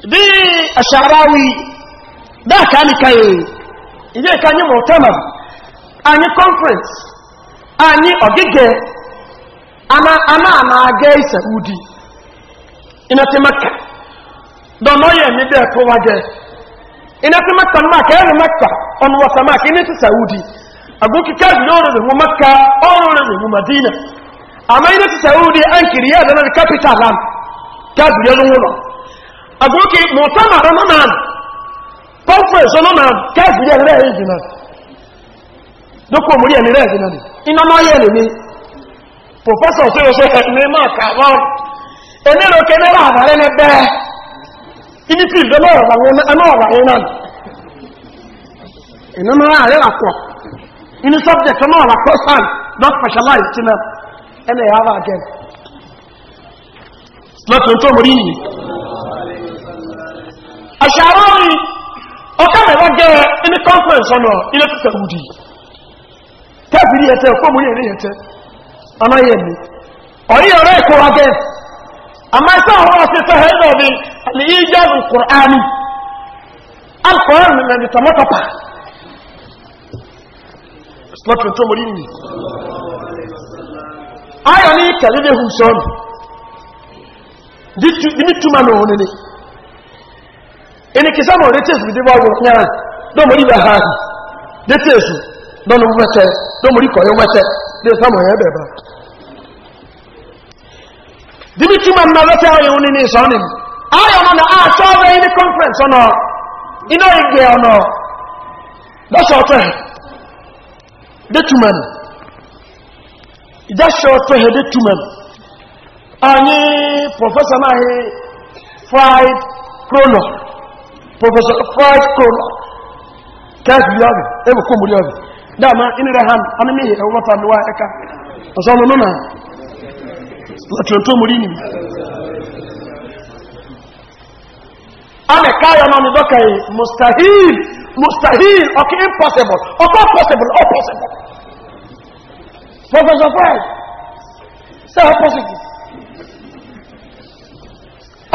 bi asharawi da ka ni kai ije ka ni mutama ani conference ani ogige ana ana ana ga saudi ina te makka don noye ni de to waje ina te ma ka ni makka on wasa ma ni saudi agoki kazi na ọrọ̀ rẹ̀hún maka ọrọ̀ rẹ̀hún madina àmá iná ti saudi an kiri yá zanar capital land kazi yẹ lọ́wọ́ agoki mọ̀tánà ramadan conference ramadan kazi yẹ rẹ̀ yìí jìnà dókò mú yẹ rẹ̀ jìnà ni iná máa yẹ lèmi professor sí oṣù ẹ̀mí máa kàwọ́ elélo kẹlẹ́rà àbárẹ́ ní bẹ́ẹ̀ ibi tí ìdọ́mọ̀ ọ̀rọ̀ àwọn náà ìnáná àárẹ̀ àpọ̀ in the subject to know our person not specialized in them and they have again slot on tom rí ni àṣàrò rí ọkàn rẹ̀ wá jẹ́ in the conference ọ̀nà ilé títẹ̀ I tẹ́bìrì ẹ̀tẹ́ ọkọ̀ mú ní èrè ẹ̀tẹ́ ọ̀nà yẹ̀ mi ọ̀rí ọ̀rẹ́ ẹ̀kọ́ wá jẹ́ àmá ẹ̀sẹ̀ àwọn ọ̀sẹ̀ fẹ́ hẹ́ndọ̀ bí alìyí jẹ́ alùkùránì alùkùránì lẹ́ni tọmọ́tọpàá lọ́tún tó mọ̀rí nìyí ayọ̀ ní kẹ̀lẹ́lẹ́ hù sọ́nù ní túnmà náà wọn ni ẹni kì sáàmù rétí èsù ọgbọ̀n yára lọ́mọ̀rí bá ha hù lọ́nà wẹ́tẹ́ lọ́mọ̀rí kọ̀yọ́ wẹ́tẹ́ lé sáàmù ẹ̀yẹ́ bẹ̀rẹ̀ detuman ìdáṣọ́ tó hẹ detuman anyi professor náà fried kroner professor fried kroner kẹ́ẹ̀kì bí ọ̀rẹ̀ ẹ̀mù kó múrí ọ̀rẹ̀ dáàmà inúrẹ̀ hàn anímìyàn ẹ̀wọ́n mọ́ta níwá ẹ̀ka ọ̀sán ọmọ náà lọ́tún tó múrí nìí amẹ̀káyọ̀ náà ni dọ́kẹ̀ mustahil mustahil ọkẹ́ impossible ọkọ̀ possible all possible Professor Price, say opposite.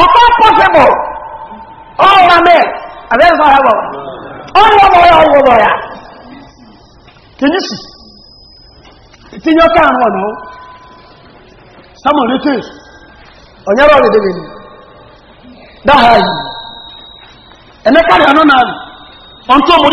Ọkọ possible, ọ̀rọ̀ mi, àbẹ́ ìfọ̀ ọ̀rọ̀ bọ̀. Ọ̀rọ̀ ọmọ ya ọ̀rọ̀ Samuel Ritus, ọ̀nyẹ́rọ ọ̀rẹ́ dèbè ni. Dáhà yìí, on top of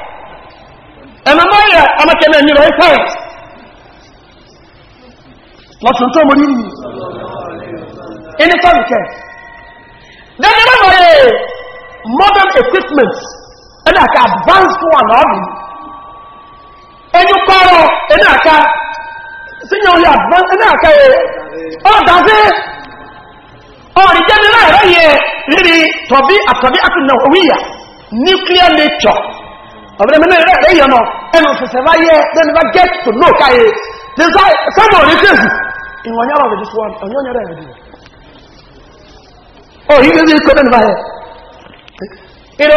ẹ̀nà máa yẹ ọmọkẹ́lẹ̀ ní rọ̀ ìfẹ́ lọ́sùn tó mọ̀ nínú ẹni tọ́lùkẹ́ dẹ́gbẹ́ bá wọ́n yẹ modern equipment ẹni àká advanced one ọ̀rọ̀ ẹni kọ́rọ̀ ẹni àká senior yẹ advanced ẹni àká yẹ ọ̀dàdé ọ̀rì jẹ́ nílẹ̀ ẹ̀rọ yẹ rírí tọ̀bí àtọ̀bí àti nàwọ̀wíyà nuclear nature ọ̀bẹ̀rẹ̀ mi náà rẹ̀ yọ̀nà ẹnu ṣẹ̀ṣẹ̀ bá then bá get to know káyé ti sábà ní kéèsì ìwọ̀n yàrá ọ̀bẹ̀ just one ọ̀yọ́ yàrá ẹ̀rẹ̀ dìbò ó yíyí sí kọ́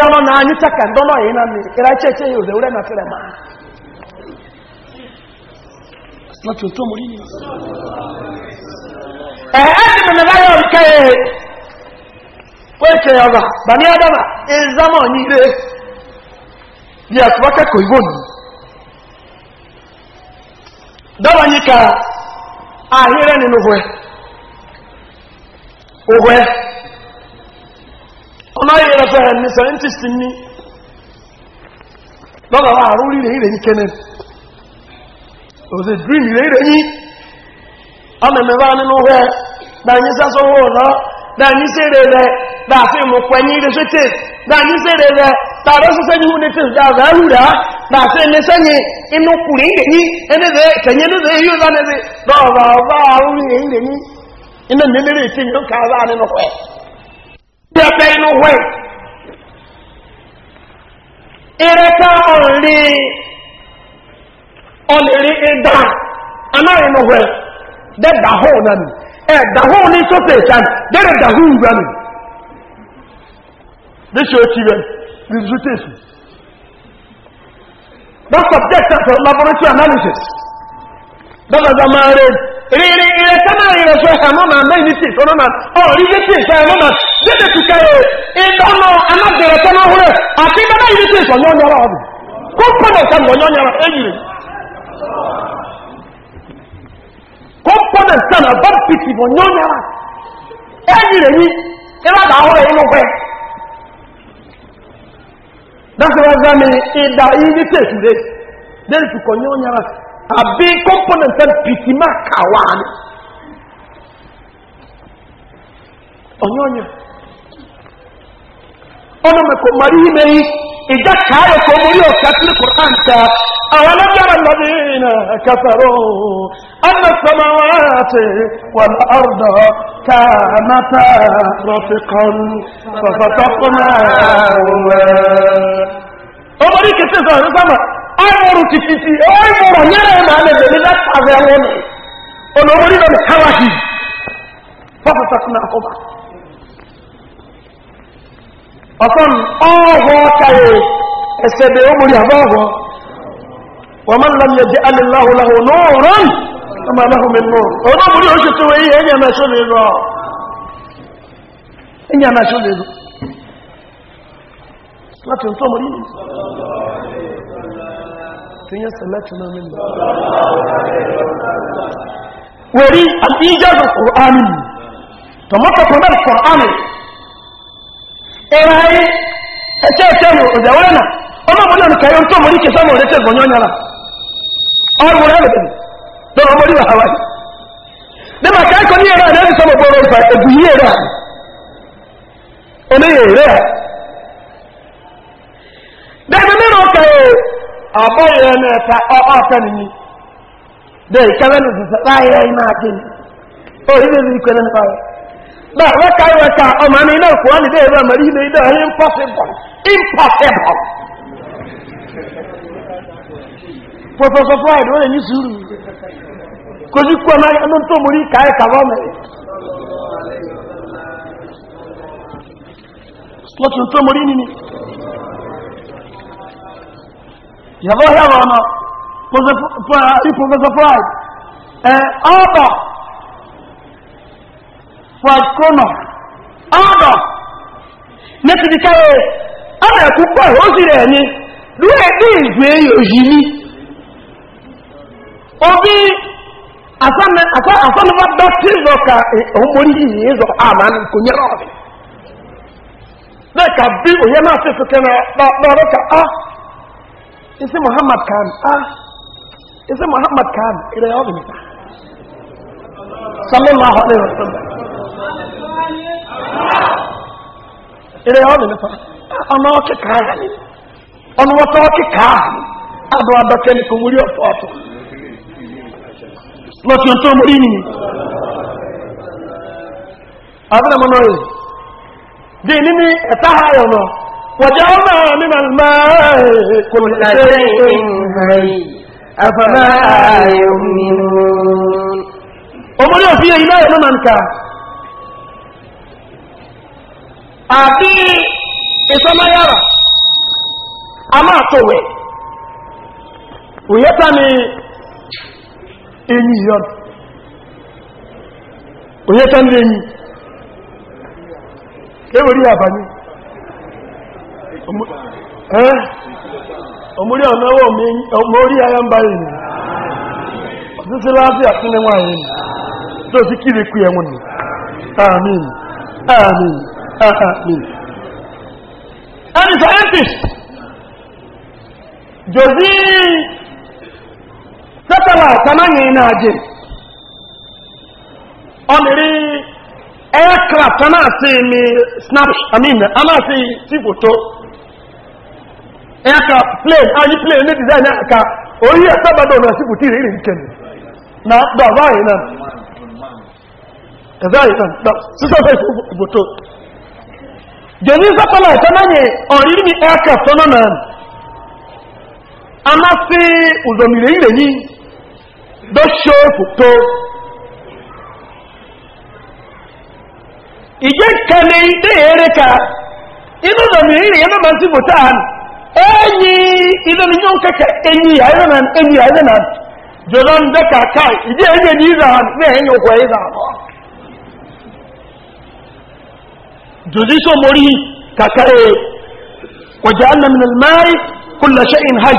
ọmọ náà ní sẹ́kẹ̀ ńdọ́nà yìí náà ní ìrẹ̀ ẹ̀ṣẹ̀ ẹ̀ṣẹ̀ yìí bí àtúwá kẹ́kọ̀ọ́ ìwò ní dọ́wà ní ká àhírẹ́ nínú òwẹ́ òwẹ́ ọmọ yìí rẹ̀ fẹ́rẹ̀ ní scientist ní lọ́nà àrùn rírẹ̀ rírẹ̀ ní kẹ́nẹ̀ òsè dream rírẹ̀ ní ọmọ ẹ̀mẹ̀wá nínú dani sere rẹ dàfi mọ̀pọ̀ ẹ̀yìn ilé sẹ́tẹ̀ dani sere rẹ tààrọ sẹ́sẹ́ ní wúni tẹ̀sí dàbí àwùrá dàfi ẹni sẹ́yìn inú kùrì ìlẹ̀yìn ẹni rẹ kẹ̀yìn ẹni rẹ yóò dání rẹ dọ̀ọ̀bà ọba àwùrá ìlẹ̀yìn ìlẹ̀yìn inú mi lérí ìtì yóò kà á nínú hwẹ́. bí ẹgbẹ́ inú hwẹ́ ìrẹ́ká ọ̀rẹ́ ọ̀lẹ́rẹ́ ìdá anáyẹnu hwẹ́ hó ẹ̀dàhó ní sọ́sẹ̀ ìṣàn dẹ́rẹ̀ dàhó ìgbàmì ní ṣe ó ti rẹ̀ resultation don subject to laboratory analysis don ọjọ́ máa rẹ̀ rírí ilẹ̀ tánà ìrẹsọ ìṣàmọ́nà mẹ́rinítì ìṣọ́nà ọ̀rígẹ́tì ìṣàmọ́nà dédé tukẹ́ ìdánà anábẹ̀rẹ̀ tánà húrẹ̀ àti ìdánà ìrẹsọ ìṣọ̀nyọ́nyọ́ra ọdún kó pọ̀lọ̀ ìṣàmọ́nyọ́nyọ́ra ẹ̀yìn component na bɔn piti bɔ nyɔnyara ɛyi le yi e b'a da awɔ yin wɛ dasaba zami ida ni tesu de den tukɔ nyɔnyara a bi component piti ma ka waani ɔnyɔnya ɔnamɛ ko mari yi mɛ yi ida kaa yɛ ko أولم ير الذين كفروا أن السماوات والأرض كانتا رفقا ففتقناهما أمري كتير سهل سما أمر تشتي أمر يرى ما نزل لك أذيان أمر من حواهي ففتقناهما أصلا أهو آه، كاي أسبب أمري هبابا ومن لم يجعل الله له نورا فما له من نور ọ̀nà mú ní oṣù tó wé yìí ẹ̀yàn mẹ́ṣọ́ lè rọ ẹ̀yàn mẹ́ṣọ́ lè rọ láti ń tó mú yìí tí yẹ́ sẹ̀lẹ́tì náà mímọ̀ wẹ̀rí àdíjẹ́bù kùránì tọmọ́tọ̀kọ̀ náà kùránì ẹ̀rẹ́ ẹ̀ṣẹ́ ẹ̀ṣẹ́ ọ̀dẹ̀wọ́nà ọmọ mú náà kẹyọ tó mú ní kẹsàn-án ọ̀rẹ́ṣẹ́ gbọ̀nyọ́ nyara ọrùn rẹ̀ rẹ̀ lọ́nà ọmọ orí wàhálà yìí ní màkà ẹ̀kọ́ ní ẹ̀rọ ẹ̀rọ sọmọ gbọ́rọ̀ ìfà ẹ̀bù yí ẹ̀rọ oníyè rẹ̀ dẹ́gbẹ́ mẹ́rin ọkà ẹ̀ àbọ̀ yẹn ní ẹ̀ta ọ̀ọ́fẹ́ nìyí dẹ́ ìkẹ́rẹ́ ní ìsẹ̀sẹ̀ láyé ẹ̀yìn náà kí ni ó yí lè rí ìkẹ́rẹ́ nípa rẹ̀ bá wẹ́ka wẹ́ka ọmọ mi náà kò wá nílé ẹ̀rọ àmàlí ilé ilé ọ̀hún impossible impossible professor floyd ó lè ní sùúrù kò sí kú ọmọ ẹnu tó mú rí káyẹ kàwọ́ mẹ́rin slọ́tù tó mú rí nínú yàbọ̀ yàbọ̀ ọ̀nà rí professor floyd ẹ̀ ọ́bọ̀ floyd cromer ọ́bọ̀ nẹ́tìdíkẹ́ ọ̀rẹ́ ẹ̀kú pọ̀ ó sì rẹ̀ ní lúwẹ̀ẹ́ bí ìgbé yòó yìí obi asanaba dɔte zɔ ka ɔmori e, yiyi zɔ ama ko nyɛ rɔbi dịka ka bi o yɛ naa sisi kɛnɛ ka a ah, isi muhammad kan a ah, isi muhammad kan ire yɔ bi ta sallallahu alaihi wa sallam ire yɔ bi ta yɛ ni ko wuli ɔtɔ ɔtɔ. lọ́tí ọ̀tọ́ mọ̀rí ni abúrẹ̀ mọ́nà rẹ̀ dì ní ní ẹ̀ta ayọ̀ mọ̀ wọ̀jẹ́ ọmọ mímọ̀ mẹ́rin kò tẹ̀lé ìhàrí afẹ́mẹ́ ayọ̀ mìíràn ọmọdé òfin èyí náà mọ́nà nǹka àbí ìsọmọ́yára a máa tọ̀wẹ̀ òyẹ́ta ni enyi yọrọ onye ka ndị e enyi ka ya abanye ọmụri ya ya mba enyi ọtụtụ laasị atụle nwaanyị enyi dozi kiri ya amin amin amin and scientist josie satellite anaghị na-ajị ọmịrị aircraft anasị mi snapshot amin anasị si foto aircraft plane anyị plane na design aka oyi asabado na si foto iri nke na ba-ba-yi na dọzọ na sísọ fẹ foto jẹni satellite anaghị ọrịrị aircraft ọnọ na ama fi ùzọ̀mìrè yìí lèyí dọ́ṣọ́ fòtó ìjẹ́ kẹlẹ̀ ìdé èrè ka inú ùzọ̀mìrè yìí lèyí lọ́mọ sí fòtó àná ẹ̀yí ìdọ́nìyàn kẹkẹ ẹ̀yí àìrànà ẹ̀yí àìrànà jọlọ ń dẹ́ka káì ìdí ẹ̀yẹ ní ìzà àná ní ẹ̀yẹ òkú ẹ̀yẹ ìzà àná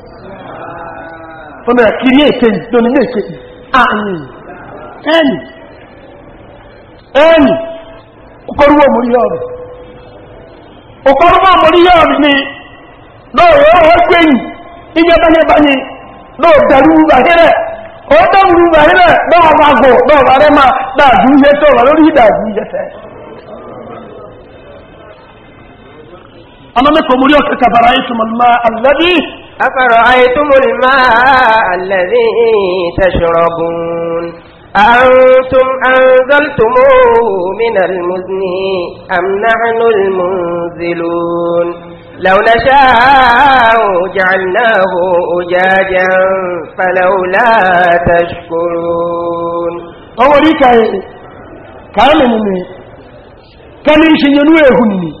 eke n'onye èkéyì lónìí ní èkéyì ààyè ẹni ẹni ọkọ̀rúwọ̀ mọ̀rí yọ́ọ̀rù ọkọ̀rúwọ̀ mọ̀rí yọ́ọ̀rù ni lóòrò ọ̀ẹ́kẹ́yìn iye bányẹbányẹ lóòdàrú bàhírẹ̀ ọ̀ọ́dọ̀rú bàhírẹ̀ lọ́ọ̀bàgọ̀ lọ́ọ̀bàrẹ́ máa dáàdú iye tó ọ̀rọ̀ lórí ìdàdú iye tẹ́ ọmọ mẹ́kọ̀ọ́ mọ̀rí ọ̀kẹ́kẹ́ bàrá ìtumọ̀ أفرأيتم الماء الذي تشربون أأنتم أنزلتموه من المزن أم نحن المنزلون لو نشاء جعلناه أجاجا فلولا تشكرون أولي كاين كامل كامل شنينوه هني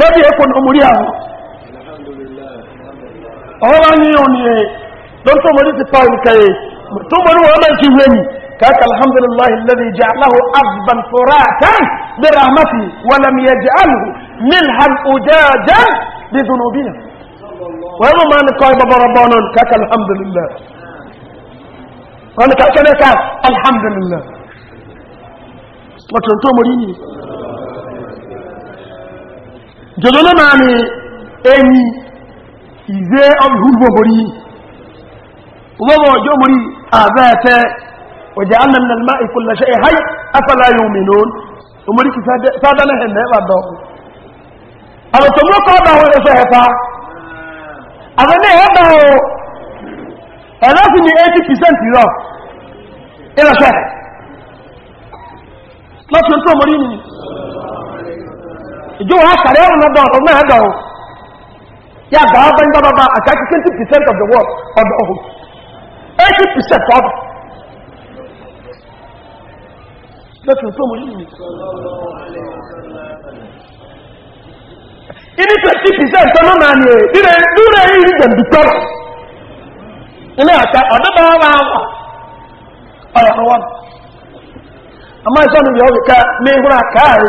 lórí ẹkùn omori àwọn ọwọ́ bá ní òní ẹ̀ lọ́n tó mọ̀rí ti pàwọn kẹyẹ tó mọ̀rí wọ́n mọ̀ sí wẹ́mi كاك الحمد لله الذي جعله عذبا فراتا برحمته ولم يجعله ملحا أجاجا بذنوبنا وهذا ما نقول بابا كاك الحمد لله وانا كاك الحمد لله ما مريني jọjọlọ máa ní ẹni ìzé ọlùhúgbòmòrí ọgbọ́gbọ́ ọjọ́ mórí àbẹ́ẹ̀fẹ́ ọjà annamnalmá ìkùnlẹ̀ṣẹ́ ìháyí afẹ́láyé òmìnón omori kì sádánẹ́hẹ̀ mẹ́bàdọ́ àrùtọ̀mọ́kọ́ ọ̀dọ̀ àwọn ẹ̀ṣẹ́ ẹ̀fà àwọn ẹ̀ẹ́bà ọ̀ ẹ̀lọ́sì ni 80% rọ̀ ìrọ̀ṣẹ́ lọ́tún tó omori nìyí ìjọ wa kàrí ẹ̀rùn náà dọ̀rọ̀ náà dọ̀rọ̀ yà gbà á bẹ́ńdà bàbá àtàkì twenty percent of the world ọ̀dọ̀ ọ̀hún eighty percent of lọ́tún tó mú yìí ìní twenty percent tó náà ní ẹ̀ ìrẹ̀ ìrẹ̀ yìí jẹ̀ǹdùtọ́rọ̀ ilé àtà ọ̀dọ́dọ̀ wọn wà ọ̀rọ̀ wọn àmọ́ ìsọ́nù yóò wí ká ní ìhúra káàrí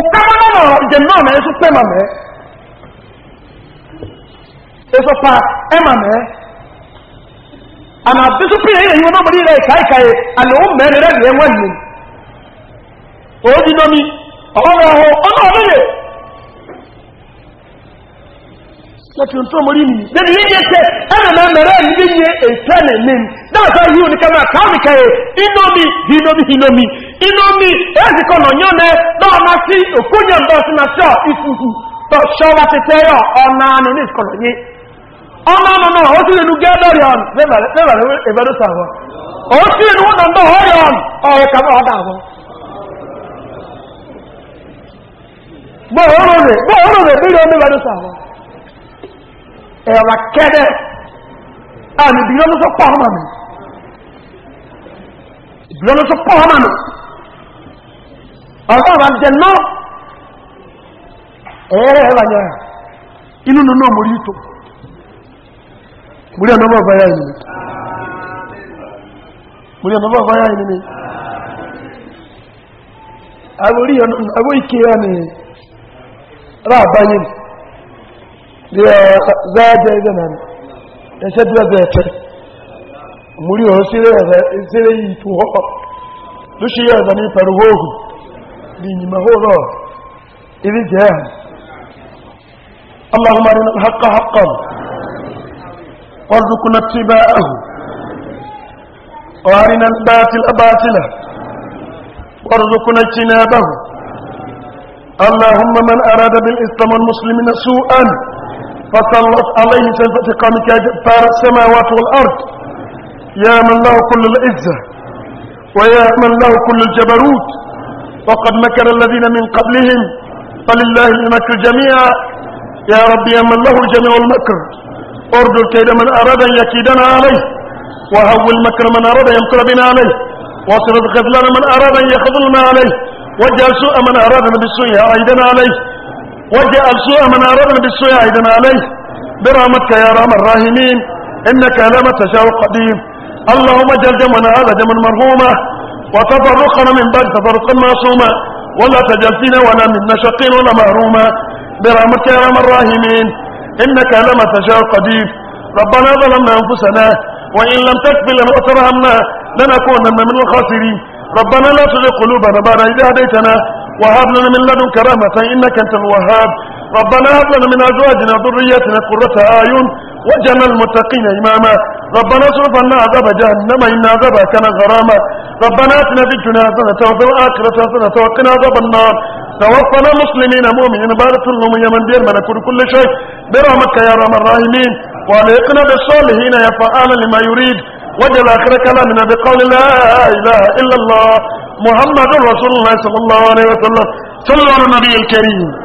ukamana na jenna na yesu pe mame eso e ana bisu pe ye yiwo na mari re kai kai ale o me re re ni o di n'omi, mi o wa láti ohun tó mọ̀ rí ní níbi yíye ṣe ẹ̀rẹ̀ náà mẹ̀rẹ̀ níyẹ ìtẹ́lẹ̀ ní dáàtà yíò ní kẹwàá káàmì kẹrẹ inómi inómi inómi inómi ẹ̀sìkọ̀ nà yán mẹ́ náà máa sí òkúnyàn bọ́ sí máa ṣọ́ ìfúfú tó ṣọ́ wá ti tẹ́yọ̀ ọ̀nà àánú ní ìkọlọ̀ yé ọmọ ọmọ náà ó sì inú gẹ́bẹ̀rì ọ̀n lẹ́bàrẹ̀ ìbẹ̀rù sàwọ̀ ó sì inú wọn náà ọ̀rẹ́ ọ̀n ọ̀rẹ́ kàwé ọ̀dà àwọn gbọ́ òórùn rẹ̀ gbọ́ òórùn rẹ̀ bí i ọmọ ìbẹ̀rù sàwọ̀ ẹ̀rọ kẹ́dẹ̀ àmì ìbílọ́lọ́sọ pọ̀ ọmọ mi ìbílọ́lọ́sọ pọ̀ ọmọ mi ọ̀rọ̀ ọ̀rọ̀ jẹ náà ẹ̀ẹ́rẹ́ ẹ̀rọ àyàrá inú nínú òmùrí zaada idanan ẹ̀ṣẹ́dúrà bẹ̀ẹ̀tẹ̀ múrí ọ̀hún sílẹ̀ yìí tó هذا ló ṣe yẹ́ ẹ̀zàní pẹ̀lú hóòhù ní ìyìnmẹ̀ hóòrọ̀ ibi jẹ́ ẹ̀ اللهم ارنا الحق حقا وارزقنا اتباعه وارنا الباطل باطلا وارزقنا اجتنابه اللهم من اراد بالاسلام والمسلمين سوءا فصل عليه سيف قامك جبار السماوات والأرض يا من له كل العزة ويا من له كل الجبروت وقد مكر الذين من قبلهم فلله المكر جميعا يا رب يا من له جميع المكر أرجو الكيد من أراد أن يكيدنا عليه وهو المكر من أراد أن يمكر بنا عليه واصرف خذلان من أراد أن يخذلنا عليه واجعل سوء من أرادنا بالسوء عيدنا عليه واجعل سوء من أرادنا بالسوء عيدا عليه برحمتك يا رحم الراهمين إنك لما تشاء قديم اللهم اجعل جمعنا هذا جمع مرهومة وتفرقنا من بعد تفرقا معصوما ولا تجعل فينا ولا منا نشقين ولا مهروما برحمتك يا رحم الراهمين إنك لما تشاء قديم ربنا ظلمنا أنفسنا وإن لم تكفل وترحمنا لنكونن من الخاسرين ربنا لا تزغ قلوبنا بعد إذ هديتنا وهب لنا من لدنك رحمة إنك أنت الوهاب ربنا هب لنا من أزواجنا وذرياتنا قرة أعين وجعلنا المتقين إماما ربنا اصرف عنا عذاب جهنم إن عذابها كان غراما ربنا آتنا في الدنيا حسنة وفي الآخرة حسنة وقنا عذاب النار توفنا مسلمين مؤمنين بارك اللهم يا من بير ملكوت كل شيء برحمتك يا ارحم الراحمين وألحقنا بالصالحين يا فعالا لما يريد وجل آخر كلامنا بقول لا إله إلا الله محمد رسول الله صلى الله عليه وسلم صلى الله على النبي الكريم